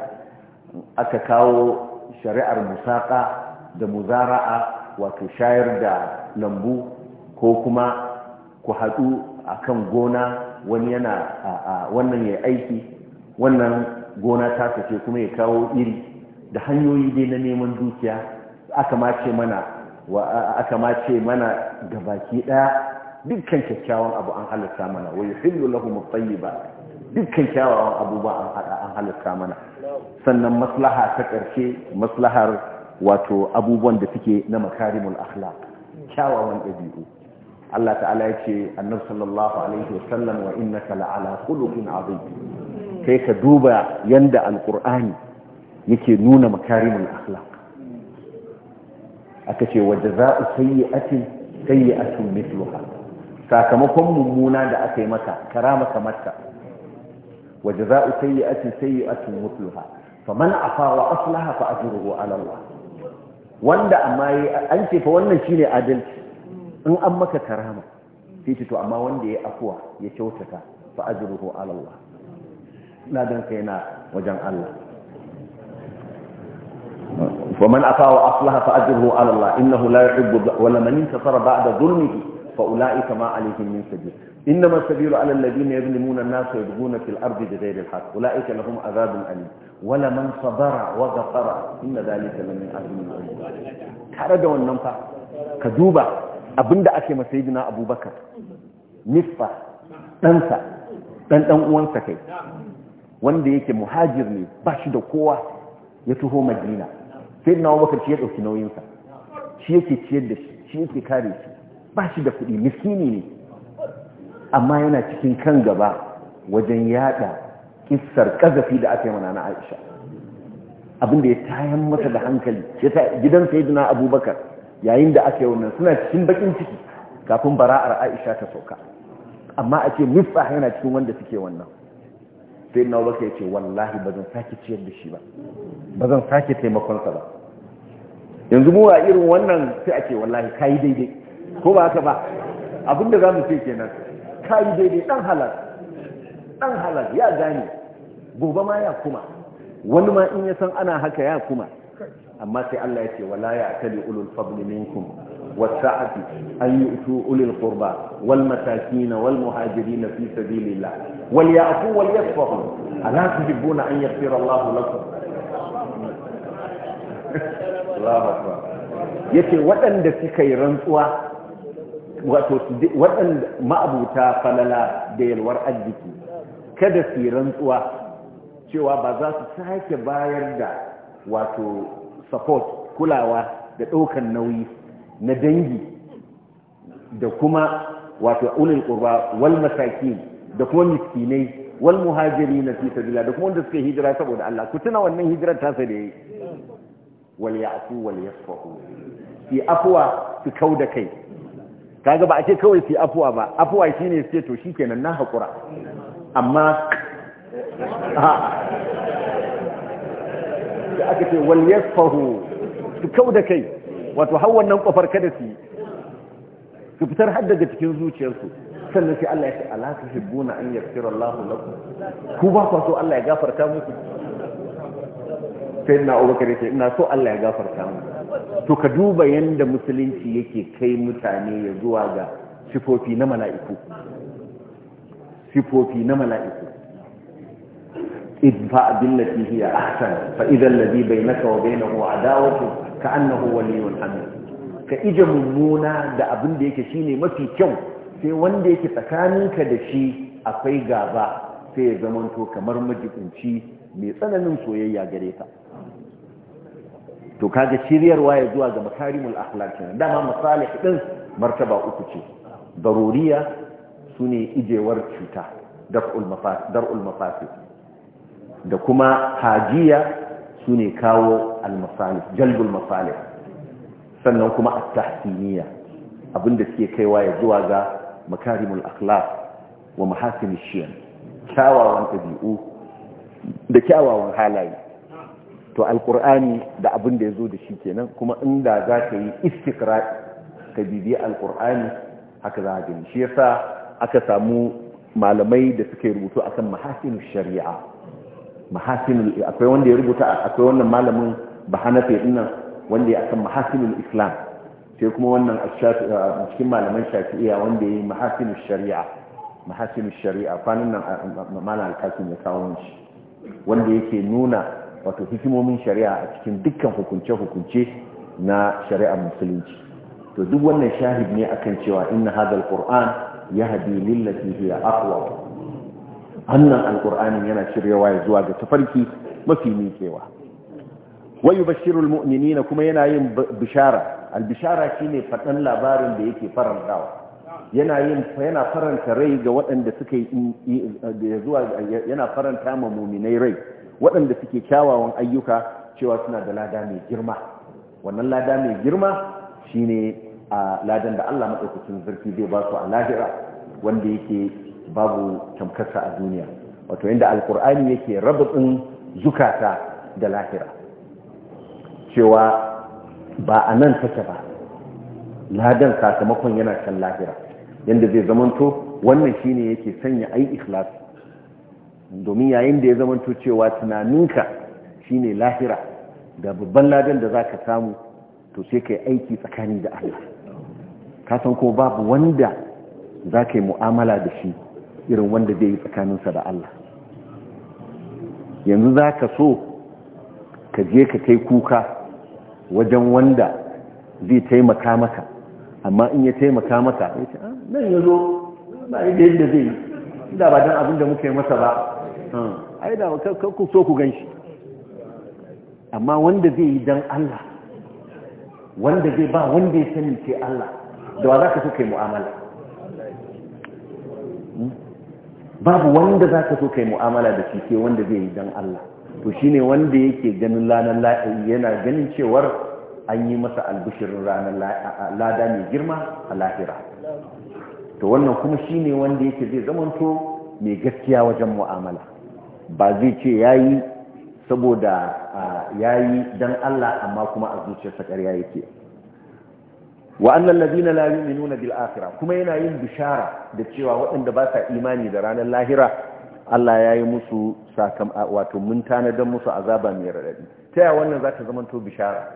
aka kawo shari'ar musaka da muzara'a wato shayar da lambu ko kuma ku haɗu a kan gona wani yana wannan ya aiki wannan gona ta sace kuma ya kawo iri da hanyoyi dai na neman dukiya aka mace mana aka mace mana baki ɗaya dukkan kyakkyawan abu an halatta mana wa yuhillu lahum at-tayyiba dukkan kyawawan ba an halatta mana sannan maslaha ta ƙarshe maslahar wato abubuwan da suke na makarimul akhlaq kyawawan ɗabi'u Allah ta'ala ya ce annabi sallallahu alaihi wasallam wa innaka la'ala khuluqin azim kai ka duba yanda alqur'ani yake nuna makarimul akhlaq aka ce wa jazaa'u sayyi'atin sayyi'atun mithluha sakamakon mummuna da aka yi maka karama kamar ta wa jazaa'u sayyi'atin sayyi'atun mithluha faman afa wa aslaha fa ajruhu ala Allah wanda amma an ce fa wannan shine adalci in an maka karama sai ce amma wanda ya afuwa ya kyautata fa ajruhu ala Allah ladan kai na wajen Allah faman afa wa aslaha fa ajruhu ala Allah innahu wa fa ulaika ma alaihim إنما السبيل على الذين يظلمون الناس ويبغون في الأرض بغير الحق أولئك لهم عذاب أليم ولمن صبر وغفر إن ذلك لمن عظيم tare da wannan fa ka duba abinda ake ma sayyidina abubakar nisfa ɗansa ɗan ɗan uwansa kai wanda yake muhajir ne ba shi da kowa ya tuho madina sayyidina abubakar shi ya ɗauki nauyinsa shi yake ciyar da yake kare shi ba shi da kuɗi miskini ne amma yana cikin kan gaba wajen yada kissar kazafi da aka yi mana na Aisha abinda ya tayan masa da hankali gidan sayyidina Abubakar yayin da aka yi wannan suna cikin bakin ciki kafin bara'ar Aisha ta sauka amma a ce mifah yana cikin wanda suke wannan sai na Abubakar ya ce wallahi ba zan sake ciyar da shi ba ba zan sake taimakonsa ba yanzu mu a irin wannan sai a ce wallahi kai daidai ko ba haka ba abinda za mu ce kenan kayi daidai dan halal dan halal ya gane gobe ma ya kuma wani ma in ya san ana haka ya kuma amma sai Allah ya ce wala ya tali ulul fadli minkum والسعه ان يؤتوا اولي القربى والمساكين fi في سبيل الله وليعفوا وليصفحوا الا تحبون ان يغفر الله لكم الله اكبر yace waɗanda suka yi rantsuwa wato waɗanda ma'abuta falala da yalwar arziki kada su yi rantsuwa cewa ba za su sake bayar da wato support kulawa da ɗaukan nauyi na dangi da kuma wato ulul qurba wal masaki, da kuma miskinai wal muhajirin fi sabilillah da kuma wanda suka hijira saboda Allah ku tuna wannan hijirar ta sa da yayi wal ya'fu wal yasfahu fi afwa su kauda kai kaga ba a ce kawai sai afuwa ba afuwa shi ne ce to shi kenan na hakura amma da aka ce waliyar yasfahu su kau da kai wato har wannan ƙofar kada su su fitar har daga cikin zuciyarsu sannan sai Allah ya ce ala ta hibbu an yafira Allah lakum ku ba ku so Allah ya gafarta muku sai na ubakare ya ce ina so Allah ya gafarta muku to ka duba yadda musulunci yake kai mutane ya zuwa ga sifofi na mala'iku sifofi na mala'iku idfa billati a ahsan fa idha bai naka wa bainahu na kowa waliyyun hamid ka ije mummuna da abin da yake shine mafi kyau sai wanda yake tsakaninka da shi akwai gaba sai ya zamanto kamar majibinci mai tsananin soyayya gare ka to kaga shiryarwa ya zuwa ga makarimul akhlaq na? dama masalih din martaba uku ce daruriya sune ijewar cuta dar'ul mafasid dar'ul mafasid da kuma hajiya sune kawo al jalbul masalih sannan kuma at-tahsiniya abinda suke kaiwa ya zuwa ga makarimul akhlaq wa mahasinish shiyan kyawawan tabi'u da kyawawan halaye to alkur'ani da abin da ya zo da shi kenan kuma inda za ka yi istiqra'i ka bibi alkur'ani haka za a gani shi yasa aka samu malamai da suke rubutu akan mahasinu shari'a mahasinu akwai wanda ya rubuta akwai wannan malamin bahanafe dinnan wanda ya akan mahasinu islam sai kuma wannan cikin malaman shafi'iya wanda ya yi mahasinu shari'a mahasinul shari'a kwanan nan malam alkakin ya kawo shi wanda yake nuna wato hikimomin shari'a a cikin dukkan hukunce-hukunce na shari'ar musulunci to duk wannan shahid ne akan cewa inna hadha alquran yahdi lillati hiya aqwa annan alqur'ani yana shiryawa ya zuwa ga tafarki mafi mikewa wa yubashshiru almu'minina kuma yana yin bishara albishara shine fadan labarin da yake farantawa yana yin yana faranta rai ga waɗanda suka yi zuwa yana faranta ma muminai rai waɗanda suke kyawawan ayyuka cewa suna da lada mai girma wannan lada mai girma shine a ladan da Allah maɗaukacin zarfi zai ba su a lahira wanda yake babu tamkarsa a duniya wato inda alkur'ani yake rabin zukata da lahira cewa ba a nan take ba ladan sakamakon yana can lahira Yadda zai zamanto wannan shine yake sanya ai ikhlas domin yayin da ya zama cewa tunaninka shine lahira da babban ladan da za ka samu to sai yi aiki tsakani da Allah ka san ko babu wanda zaka yi mu'amala da shi irin wanda zai yi tsakaninsa da Allah yanzu za ka so ka je ka kai kuka wajen wanda zai taimaka maka amma in ya taimaka maka ya ce ah, nan ya zo ba da yadda zai yi da ba don abin da muka masa ba ai da ku so ku ganshi amma wanda zai yi dan Allah wanda zai ba wanda ya sani ce Allah da wa za ka so kai mu'amala babu wanda za ka so kai mu'amala da shi ke wanda zai yi dan Allah to shine wanda yake ganin lanan la'i yana ganin cewar an yi masa albishirin ranar lada mai girma a lahira to wannan kuma shine wanda yake zai zamanto mai gaskiya wajen mu'amala ba zai ce ya yi saboda ya yi don Allah amma kuma a zuciyarsa ya yake wa'annan na lari mai nuna bil'afira. kuma yana yin bishara da cewa waɗanda ba sa imani da ranar lahira Allah ya yi musu sakam wato mun don musu azaba mai raɗaɗi ta yaya wannan za ta zamanto bishara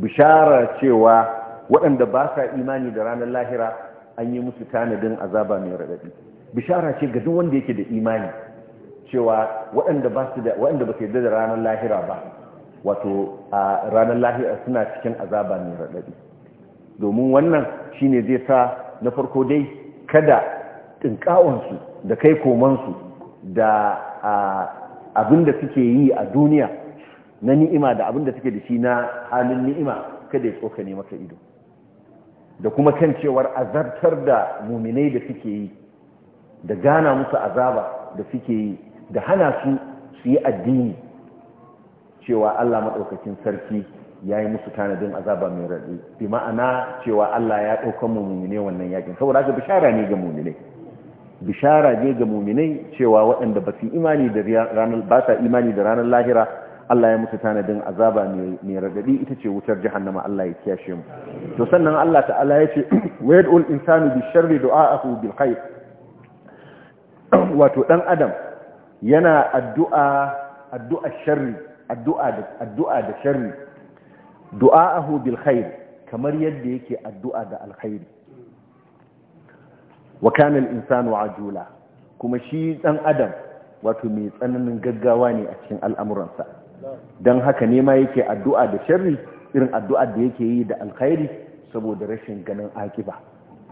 bishara cewa waɗanda ba sa imani da ranar lahira an yi musu tanadin azaba mai raɗaɗi bishara ce ga duk wanda yake da imani cewa waɗanda ba su da waɗanda ba su yarda da ranar lahira ba wato a ranar lahira suna cikin azaba mai raɗaɗi domin wannan shine zai sa na farko dai kada tinkawansu da kai komansu da abin da suke yi a duniya na ni'ima da abin da suke da shi na halin ni'ima kada ya ne maka ido da kuma kan cewar azartar da muminai da suke yi da gana musu azaba da suke yi da hana su su yi addini cewa Allah maɗaukakin sarki ya yi musu tanadin azaba mai raɗi bi ma'ana cewa Allah ya ɗaukan mummune wannan yakin saboda haka bishara ne ga mummune bishara ne ga mummune cewa waɗanda ba su imani da ranar ba imani da ranar lahira Allah ya musu tanadin azaba mai raɗaɗi ita ce wutar jahannama Allah ya kiyashe mu to sannan Allah ta'ala ya ce wa yad'ul insanu bi sharri du'a'ahu bil khair wato ɗan adam yana addu'a addu'a sharri addu'a da sharri a kamar yadda yake addu'a da alkhairi wa kana al a jula. kuma shi ɗan adam wato mai tsananin gaggawa ne a cikin al'amuransa don haka ne ma yake addu'a da sharri irin addu'a da yake yi da alkhairi saboda rashin ganin aƙiba.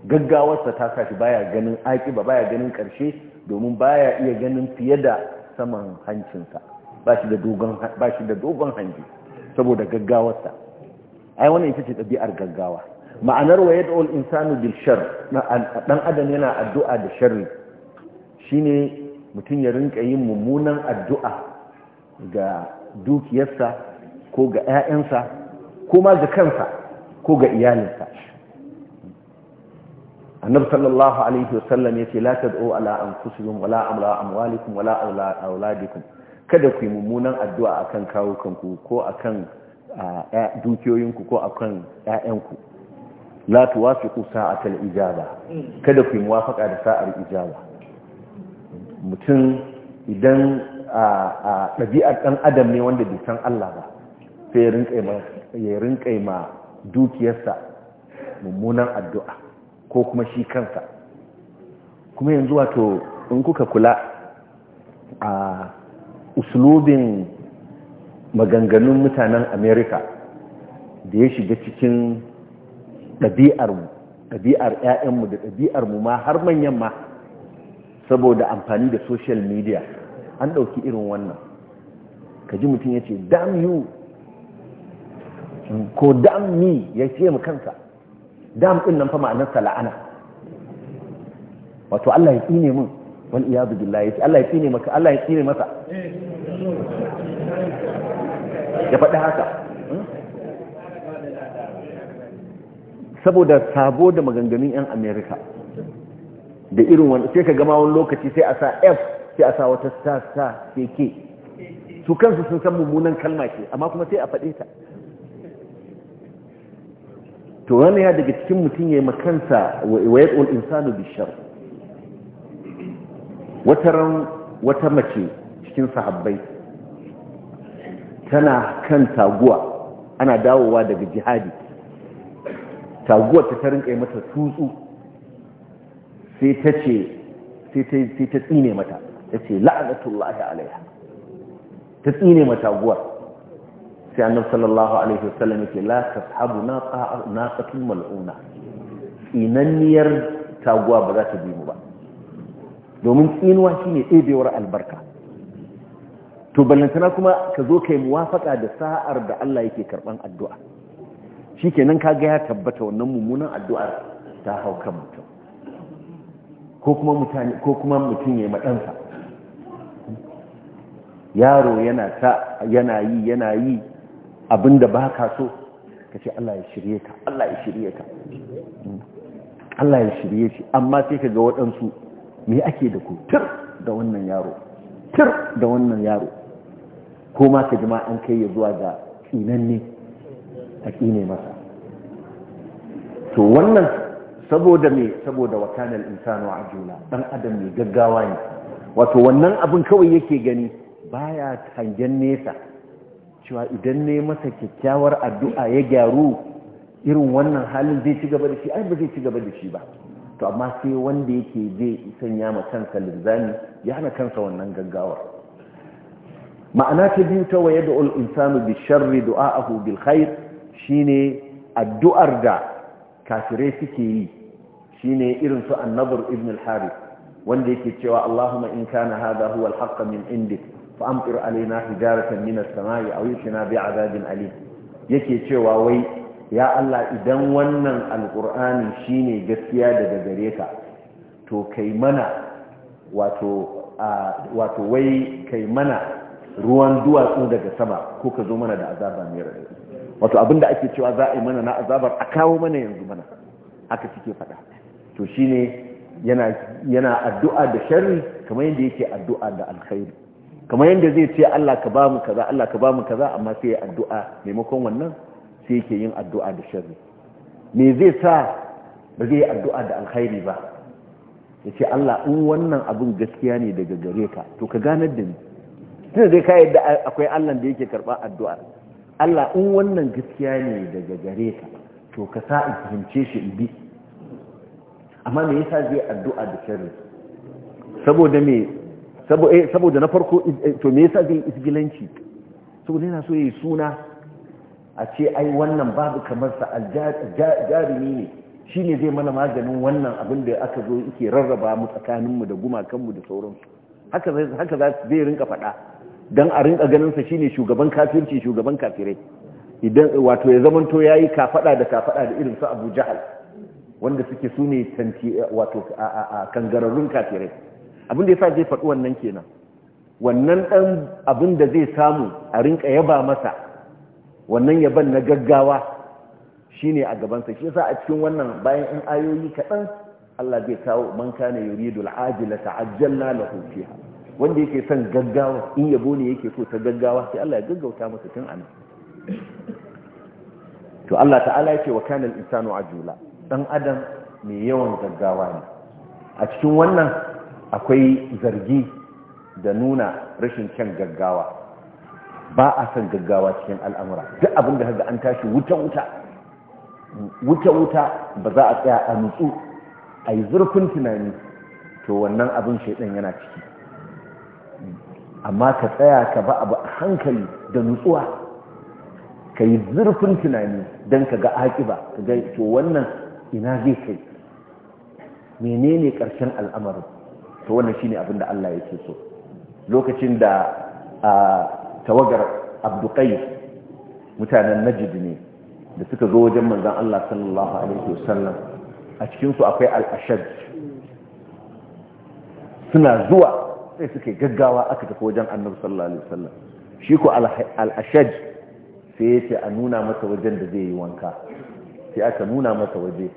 gaggawarsa ta sa shi baya ganin akiba baya ganin ƙarshe. domin baya iya ganin fiye da saman hancinsa ba shi da dogon hanci, hanji saboda gaggawarsa ai wannan ita ce ɗabi'ar gaggawa ma'anar wa yadda insanu bil shar ɗan adam yana addu'a da sharri shine mutum ya rinka yin mummunan addu'a ga dukiyarsa ko ga 'ya'yansa ko ma ga kansa ko ga iyalinsa annabi sallallahu alaihi wa sallam yace la tad'u ala anfusikum wala amra amwalikum wala auladikum kada ku yi mummunan addu'a akan kawo kanku ko akan dukiyoyinku ko akan ƴaƴanku la tuwafiqu al ijaba kada ku yi muwafaqa da sa'ar ijaba mutum idan a ɗabi'ar ɗan adam ne wanda bai san Allah ba sai ya rinƙa ma dukiyarsa mummunan addu'a ko kuma shi kansa kuma yanzu wato in kuka kula a uslubin maganganun mutanen Amerika da ya shiga cikin ɗabi'armu ɗabi'ar mu da mu ma har manyan ma saboda amfani da social media an ɗauki irin wannan ka ji mutum ya ce damn you ko damn me ya ce mu kansa dam din nan fa ma'anarsa la'ana wato Allah ya tsine mun wal iyadu billahi yace Allah ya tsine maka Allah ya tsine masa ya faɗi haka saboda sabo da maganganun yan America da irin wani sai ka gama wani lokaci sai a sa F sai a sa wata star star sai ke su kansu sun san mummunan kalma ce amma kuma sai a faɗe ta to wannan ya daga cikin mutum ya yi makansa wa ya ƙul insanu bishar wata ran wata mace cikin sahabbai tana kan taguwa ana dawowa daga jihadi taguwa ta tarin kai mata tutsu sai ta ce sai ta tsine mata ta ce alaiha ta tsine mata guwar sai annabi sallallahu alaihi wasallam yake la tashabu na naqatul mal'una tsinanniyar taguwa ba za ta bi mu ba domin tsinuwa shine ɗebewar albarka to ballantana kuma ka zo kai muwafaka da sa'ar da Allah yake karban addu'a Shi shikenan ka gaya tabbata wannan mummunan addu'ar ta hau kan mutum ko kuma mutane ko kuma mutum ya madansa yaro yana ta yana yi yana yi da ba ka so ka ce Allah ya shirye ka Allah ya shirye ka Allah ya shirye shi amma sai ka ga waɗansu me ake da ku tir da wannan yaro tir da wannan yaro ko ma ka jima an kai ya zuwa ga ne a tsine masa to wannan saboda me saboda wakanar insano a juna dan adam mai gaggawa ne wato wannan abin kawai yake gani baya hangen nesa cewa idan ne masa kyakkyawar addu'a ya gyaru irin wannan halin zai ci gaba da shi ai ba zai ci gaba da shi ba to amma sai wanda yake zai sanya ma kansa linzami ya hana kansa wannan gaggawar ma'ana ta biyu ta waye da insanu bi sharri du'a'ahu bil khair shine addu'ar da kafirai suke yi shine irin su annabar ibn al-harith wanda yake cewa Allahumma in kana hadha huwa al-haqq min indik fa'amtir alaina hijaratan min as-sama'i aw yushna azabin ali yake cewa wai ya Allah idan wannan shi shine gaskiya daga gare ka to kai mana wato wai kai mana ruwan duwatsu daga sama ko ka zo mana da azaba mai rai wato abinda ake cewa za a yi mana na azabar a kawo mana yanzu mana aka suke faɗa to shine yana yana addu'a da sharri kamar yadda yake addu'a da alkhairi kamar yadda zai ce Allah ka ba mu kaza Allah ka ba mu kaza amma sai addu'a maimakon wannan sai yake yin addu'a da sharri me zai sa ba zai addu'a da alkhairi ba yace Allah in wannan abun gaskiya ne daga gare ka to ka ganar da ni tun dai ka yadda akwai Allah da yake karba addu'a Allah in wannan gaskiya ne daga gare ka to ka sa in fahimce shi in bi amma me yasa zai addu'a da sharri saboda me Eh, saboda na farko eh, eh, to me yasa zai isgilanci saboda yana so yayi suna a ce ai wannan babu kamar sa jarumi ne shine zai mana maganin wannan abin da aka zo yake rarraba mu tsakanin mu da gumakan mu da sauransu haka zai haka zai rinka faɗa dan a rinka ganin sa shine shugaban kafirci shugaban kafirai idan wato ya zamanto yayi kafaɗa da kafaɗa da irin su Abu Jahal wanda suke sune tanti wato kangararrun kafirai abin da ya sa zai faɗi wannan kenan wannan ɗan abin da zai samu a rinka yaba masa wannan yaban na gaggawa shine a gabansa shi yasa a cikin wannan bayan in ayoyi kaɗan Allah zai kawo man kana yuridul ajila ta'ajjalna lahu fiha wanda yake son gaggawa in yabo ne yake so ta gaggawa sai Allah ya gaggauta masa tun anan to Allah ta'ala yake wa kana al-insanu ajula dan adam mai yawan gaggawa ne a cikin wannan akwai zargi da nuna rashin kyan gaggawa ba a san gaggawa cikin al'amura duk abin da haka an tashi wuta-wuta wuta-wuta ba za a tsaya a nutsu a yi zurfin tunani to wannan abin shaidan yana ciki amma ka tsaya ka ba abu a hankali da nutsuwa ka yi zurfin tunani don ka ga haƙiba ka ga to wannan ina zai kai menene ƙarshen al'amarin to wannan shine abin da Allah yake so lokacin da tawagar Abdukai, mutanen najd ne da suka zo wajen manzon Allah sallallahu alaihi wasallam a cikin su akwai al-ashad suna zuwa sai suka gaggawa aka tafi wajen annabi sallallahu alaihi wasallam shi ko al-ashad sai yace a nuna masa wajen da zai yi wanka sai aka nuna masa waje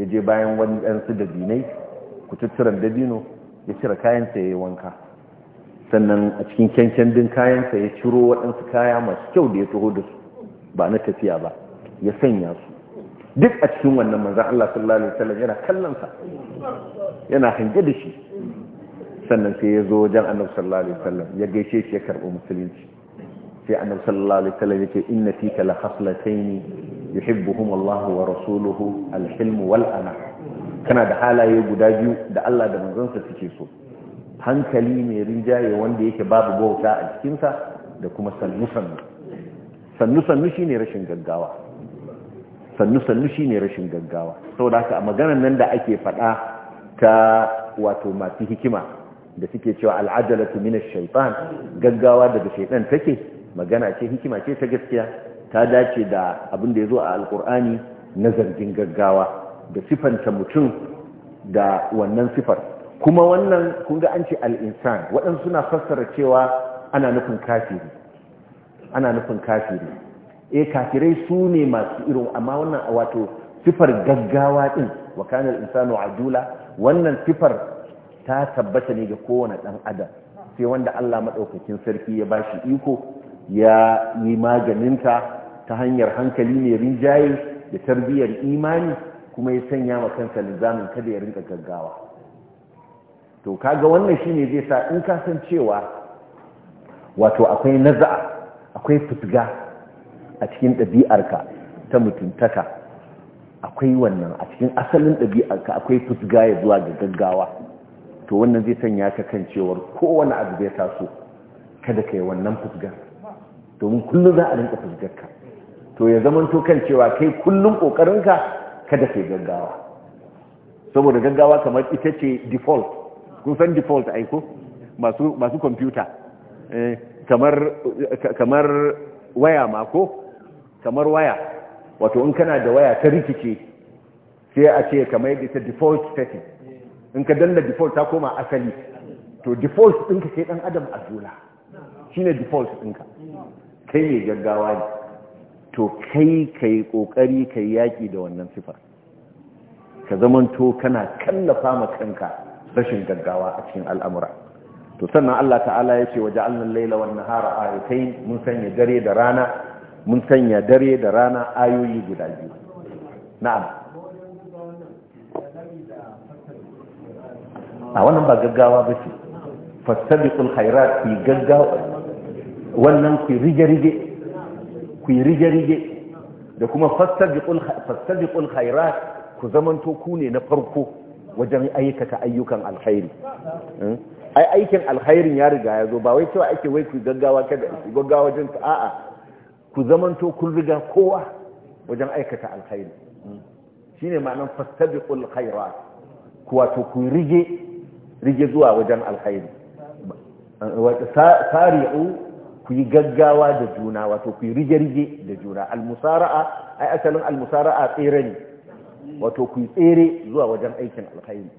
ya je bayan wani su da dinai ku tattaran dabino ya cire kayansa ya yi wanka sannan a cikin kyankyan din kayansa ya ciro waɗansu kaya masu kyau da ya taho da su ba na tafiya ba ya sanya su duk a cikin wannan manzan Allah sallallahu alaihi wasallam yana kallonsa yana hange da shi sannan sai ya zo wajen annabi sallallahu alaihi wasallam ya gaishe shi ya karɓi musulunci sai annabi sallallahu alaihi wasallam yake inna fika la khaslatayn yuhibbuhum Allah wa rasuluhu al-hilm wal ana kana da halaye guda biyu da Allah da manzansa suke so hankali mai rinjaye wanda yake babu bauta a cikinsa da kuma sannu-sannu sannu-sannu shi ne rashin gaggawa sannu-sannu shi ne rashin gaggawa sau da haka a maganan nan da ake faɗa ta wato masu hikima da suke cewa al'ajalatu min shaitan gaggawa daga shaitan take magana ce hikima ce ta gaskiya ta dace da abin da ya zo a alkur'ani na zargin gaggawa da sifanta mutum da wannan sifar kuma wannan kun ga an ce al'insan waɗansu suna fassara cewa ana nufin kafiri ana nufin kafiri eh kafirai su ne masu irin amma wannan a wato sifar gaggawa ɗin wa kanar insano jula wannan sifar ta tabbata ne ga kowane ɗan adam sai wanda allah maɗaukakin sarki ya ba shi iko ya yi maganinta ta hanyar hankali mai rinjaye da tarbiyyar imani kuma ya sanya wa kansa lizamin kada ya rinka gaggawa to kaga wannan shine zai sa in ka san cewa wato akwai naza'a akwai fitga a cikin ɗabi'arka ta mutuntaka akwai wannan a cikin asalin ɗabi'arka akwai fitga ya zuwa ga gaggawa to wannan zai sanya ka kan cewar kowane abu zai taso kada ka yi wannan fitgar domin kullum za a rinka fitgarka to ya zamanto kan cewa kai kullum ƙoƙarinka kada ke gaggawa saboda gaggawa kamar ita ce default kun san default aiko masu kwamfuta computer eh, kamar waya mako kamar waya wato in kana da waya ta rikice sai a ce kamar yadda ta default setting in ka danna default ta koma asali to default ɗinka sai ɗan adam a shi ne default ɗinka kai ne gaggawa ne to kai ka yi ƙoƙari ka yi yaƙi da wannan sifa ka to kana kallafa ma kanka rashin gaggawa a cikin al'amura to sannan Allah ta'ala ya ce waje annan laila wannan hara yi mun sanya dare da rana mun sanya dare da rana ayoyi guda biyu na'am a wannan ba gaggawa ba ce fastabiqul khairat fi gaggawa wannan ku rige rige ku yi rige-rige da kuma fastabiqul haira ku zamanto ku ne na farko wajen aikata ayyukan alkhairi hmm? ai aikin alkhairin ya riga ya zo ba wai cewa ake wai ku gaggawa kada ku gaggawa wajen ta a'a ku zamanto kun riga kowa wajen aikata alkhairi hmm? shine ma'anar fastabiqul haira ku wato ku rige rige zuwa wajen alkhairi ku yi gaggawa da juna wato ku yi rige-rige da juna almusara'a ai asalin almusara'a tsere ne wato ku yi tsere zuwa wajen aikin alkhairi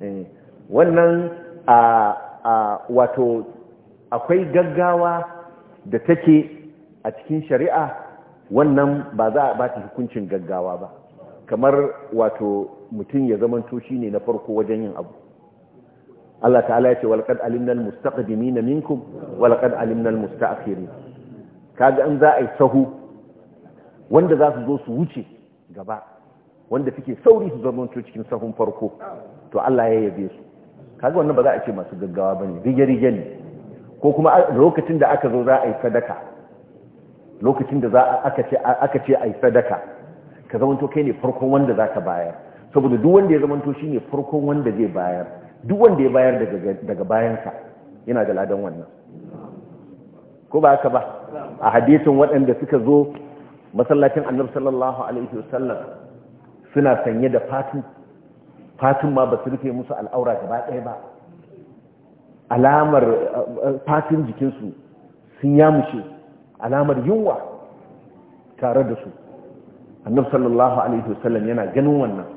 eh, wannan a wato akwai gaggawa da take a cikin shari'a wannan ba za a ba ta hukuncin gaggawa ba kamar wato mutum ya zamanto shi ne na farko wajen yin abu Allah ta'ala ya ce walqad alimnal na minkum walqad alimnal mustaakhirin kaga an za a yi sahu wanda za su zo su wuce gaba wanda suke sauri su zama cikin sahun farko to Allah ya yabe su kaga wannan ba za a ce masu gaggawa ne, rige rige ne ko kuma lokacin da aka zo za a yi sadaka lokacin da za aka ce ce a yi sadaka ka zamanto kai ne farkon wanda ka bayar saboda duk wanda ya zamanto ne farkon wanda zai bayar duk wanda ya bayar daga bayansa yana da ladan wannan ko ba haka ba a hadisin waɗanda suka zo masallacin annabi sallallahu alaihi wasallam suna sanye da fatu fatin ma ba su rufe musu al'aura gaba ɗaya ba alamar fatun jikinsu sun yamushe alamar yunwa tare da su annabi sallallahu alaihi wasallam yana ganin wannan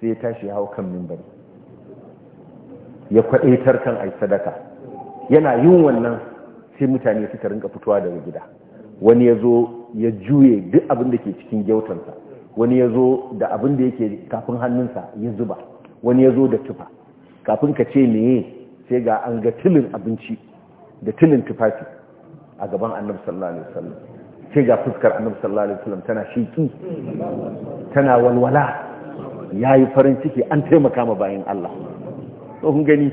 sai ya tashi ya hau kan mimbari ya kwaɗaitar kan ai sadaka yana yin wannan sai mutane suka rinka fitowa daga gida wani ya zo ya juye duk abin da ke cikin gyautansa wani ya zo da abin da yake kafin hannunsa ya zuba wani ya zo da tufa kafin ka ce meye sai ga an ga tilin abinci da tilin tufafi a gaban annabi sallallahu alaihi sai ga fuskar annabi sallallahu alaihi wasallam tana shiki tana walwala yayi farin ciki an taimaka ma bayin Allah kun gani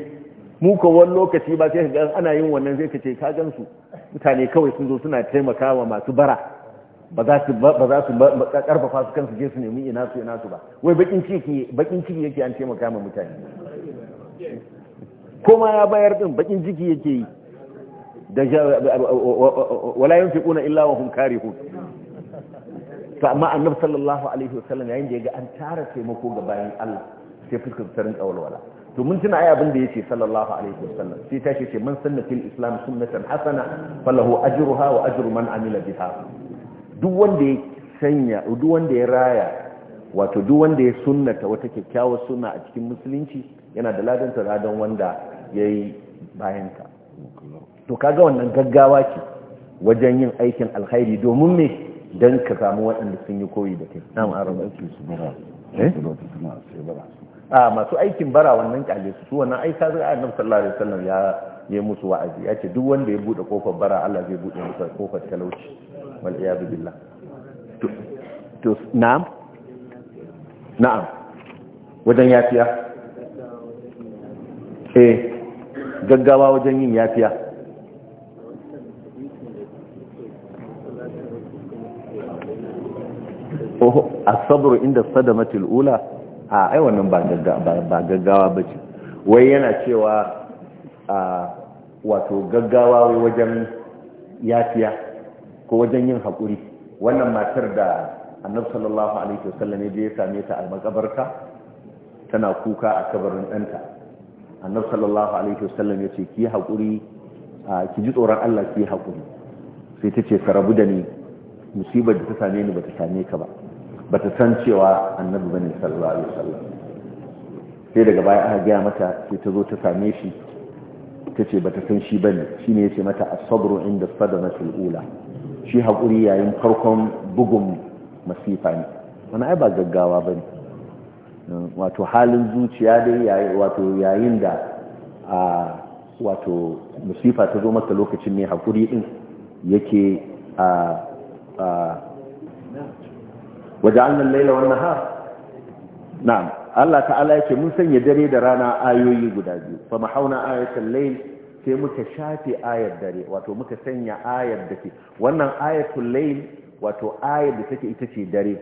mu wani lokaci ba sai ga ana yin wannan zai kace ka gansu mutane kawai sun zo suna taimakawa masu bara ba za su ba za su karfafa su kansu je su nemi ina su ina su ba wai bakin ciki bakin ciki yake an taimaka ma mutane koma ya bayar din bakin ciki yake yi da wala yunfiquna illa wa hum karihun to amma annabi sallallahu alaihi wasallam yayin da ya ga an tara taimako ga bayan Allah sai fuskar tarin kawalwala to mun tuna ai abin da yace sallallahu alaihi wasallam sai tashi ce man sanna fil islam sunnatan hasana falahu ajruha wa ajru man amila biha duk wanda ya sanya duk wanda ya raya wato duk wanda ya sunnata wata kyakkyawar sunna a cikin musulunci yana da ladan ta ladan wanda yayi bayan ta to kaga wannan gaggawa ce wajen yin aikin alkhairi domin me dan ka samu waɗanda sun yi koyi da kai na'am bara a masu aikin bara wannan kyale su wannan ai ka zai annabi sallallahu alaihi wasallam ya yi musu wa'azi ya ce duk wanda ya bude kofar bara Allah zai bude masa kofar talauci wal iyad billah to to na'am na'am wajen yafiya eh gaggawa wajen yin yafiya oh as-sabr inda sadamatil ula a ai wannan ba gaggawa ba ce wai yana cewa a wato gaggawa wajen yafiya ko wajen yin haƙuri wannan matar da annab sallallahu alaihi wa ya ya same ta a makabarta tana kuka a kabarin ɗanta annab sallallahu alaihi wasallam ya ce ki haƙuri ki ji tsoron Allah ki haƙuri sai ta ce ka rabu da ni musibar da ta same ni ba ta same ka ba ba ta san cewa annabi bane sallallahu alaihi wasallam sai daga baya aka gaya mata sai ta zo ta same shi ta ce ba ta san shi bane shine yace mata as-sabru inda sadamatul ula shi hakuri yayin farkon bugun masifa ne wani ai ba gaggawa bane wato halin zuciya dai yayin wato yayin da a wato musifa ta zo maka lokacin ne hakuri din yake a waja'alna al-laila wan nahar na'am Allah ta'ala yake mun sanya dare da rana ayoyi guda biyu fa mahauna ayatul layl sai muka shafe ayar dare wato muka sanya ayar da ke wannan ayatul layl wato ayar da take ita ce dare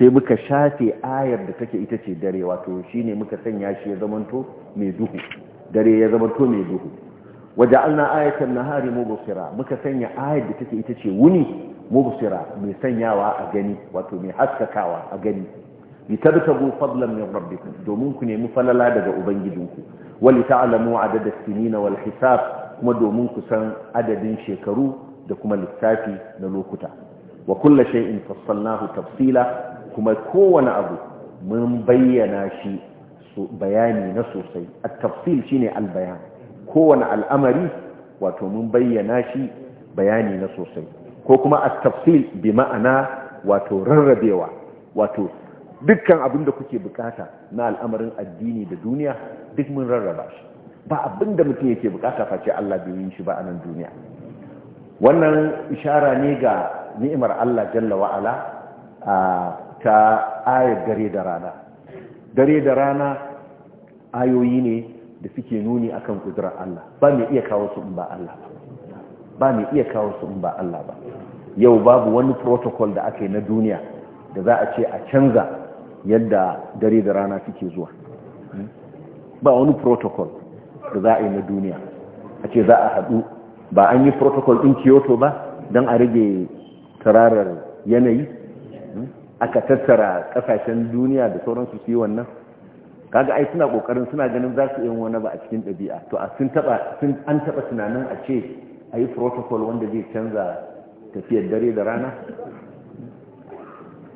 sai muka shafe ayar da take ita ce dare wato shine muka sanya shi ya zamanto mai duhu dare ya zamanto mai duhu waja'alna ayatul nahari mubsira muka sanya ayar da take ita ce wuni mubsira mai sanyawa a gani wato mai haskakawa a gani litabtagu fadlan min rabbikum domin ku nemi falala daga ubangijinku wali ta'lamu adada sinina wal hisab kuma domin ku san adadin shekaru da kuma lissafi na lokuta wa kullu shay'in fassalnahu tafsila kuma kowane abu mun bayyana shi bayani na sosai at-tafsil shine al-bayan kowane al'amari wato mun bayyana shi bayani na sosai ko kuma a tafsil bi ma'ana wato rarrabewa wato dukkan abin da kuke bukata na al'amarin addini da duniya duk mun rarraba shi ba abin da mutum yake bukata face Allah bai yi shi ba a nan duniya wannan ishara ne ga ni'imar Allah jalla wa'ala ta ayar dare da rana dare da rana ayoyi ne da suke nuni akan kudurar Allah ba mai iya kawo su in ba Allah ba ba mai iya kawo su in ba Allah ba yau babu wani protocol da aka yi na duniya da za a ce a canza yadda dare da rana suke zuwa ba wani protocol da za a yi na duniya a ce za a haɗu ba an yi protocol ɗin kyoto ba don a rage tararar yanayi aka tattara ƙasashen duniya da sauransu su yi wannan kaga ai suna ƙoƙarin suna ganin za su yi wani ba a cikin ɗabi'a to an taɓa tunanin a ce a yi protocol wanda zai canza tafiyar dare da rana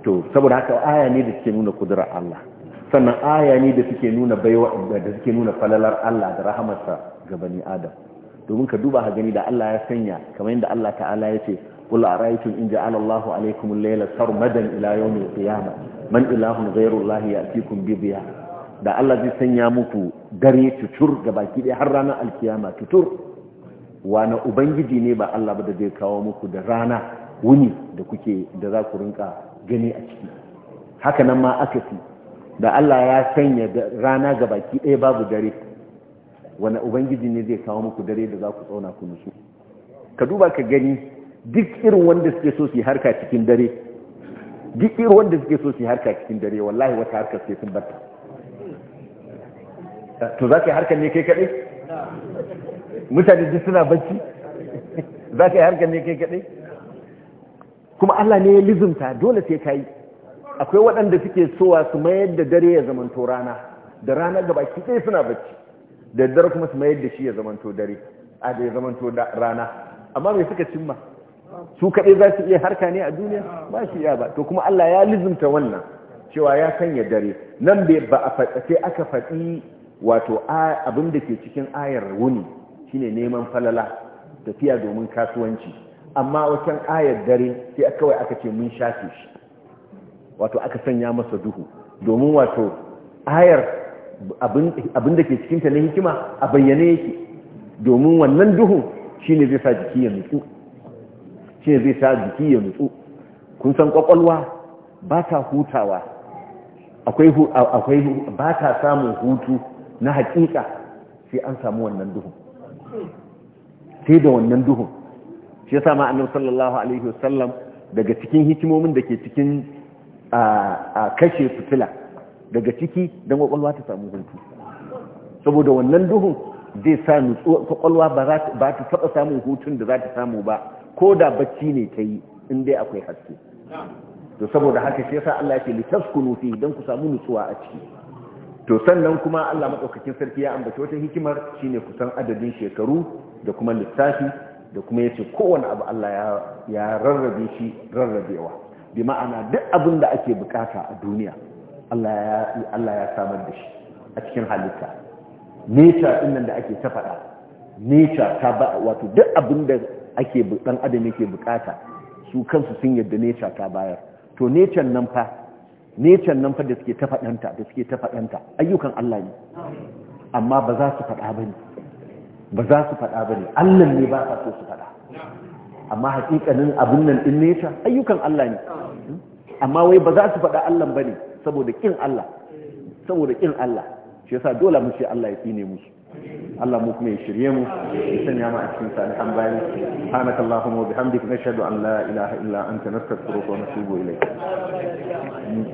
to saboda haka aya ne da suke nuna kudurar Allah sannan aya ne da suke nuna baiwa da suke nuna falalar Allah da rahamarsa ga bani adam domin ka duba ha gani da Allah ya sanya kamar yadda Allah ta'ala ya ce qul ara'aytum in ja'ala Allahu alaykum al-layla sarmadan ila yawm al-qiyamah man ilahun ghayru Allah ya'tikum bi da Allah zai sanya muku dare tutur baki ɗaya har ranar alkiyama tutur wani ubangiji ne ba Allah ba da zai kawo muku da rana wuni da kuke da za ku rinka gani a ciki haka nan ma aka fi da Allah ya sanya rana ga baki ɗaya babu dare wani ubangiji ne zai kawo muku dare da za ku tsauna ku nusu? ka duba ka gani duk irin wanda suke so su yi harka cikin dare duk irin wanda suke so su yi harka cikin dare wallahi wata harka sai sun barta to za ka yi harkar ne kai kaɗai mutane duk suna bacci za ka yi harkar ne kai kaɗai kuma Allah ne ya lizumta dole sai ka yi akwai waɗanda suke sowa su mayar da dare ya zamanto rana da rana gaba ki ɗaya suna bacci da dare kuma su mayar da shi ya zamanto dare a da ya zamanto rana amma mai suka cimma su kaɗai za su iya harka ne a duniya ba shi iya ba to kuma Allah ya lizumta wannan cewa ya sanya dare nan bai ba a sai aka faɗi wato abin da ke cikin ayar wuni shine neman falala tafiya domin kasuwanci amma wakan ayar dare sai kawai aka ce mun shafe shi wato aka sanya masa duhu domin wato ayar abin da ke cikinta na hikima a bayyane yake domin wannan duhun shine zai sa jiki ya nutsu shine zai sa jiki ya nutsu kun san kwakwalwa ba ta hutawa akwai ba ta samun hutu na hakika sai an samu wannan duhun sai da wannan duhun shi yasa ma annabi sallallahu alaihi wasallam daga cikin hikimomin da ke cikin a kashe fitila daga ciki don kwakwalwa ta samu hutu saboda wannan duhun zai sa nutsuwa kwakwalwa ba ta taɓa samun hutun da za ta samu ba ko da bacci ne ta yi in dai akwai haske to saboda haka shi yasa Allah ya ce litaskunu fi dan ku samu nutsuwa a ciki to sannan kuma Allah madaukakin sarki ya ambaci wata hikimar shine kusan adadin shekaru da kuma lissafi da kuma yace kowanne abu Allah ya rarrabe shi rarrabewa bi ma'ana duk abin da ake bukata a duniya Allah ya Allah ya samar da shi a cikin halitta nature dinnan da ake ta faɗa nature ta ba wato duk abin da ake dan adam yake bukata su kansu sun yadda nature ta bayar to nature nan fa nechan nan fa da suke ta faɗanta da suke ta faɗanta ayyukan Allah ne amma ba za su faɗa ba ne ba za su faɗa ba ne Allah ne ba sa so su faɗa amma haƙiƙanin abin nan ɗin neca ayyukan Allah ne amma wai ba za su faɗa Allah ba ne saboda ƙin Allah saboda ƙin Allah shi yasa dole mu ce Allah ya tsine musu Allah mu kuma ya shirye mu ya sanya mu a cikin salihan bayi subhanak allahumma wa bihamdika nashhadu an la ilaha illa anta nastaghfiruka wa natubu ilayk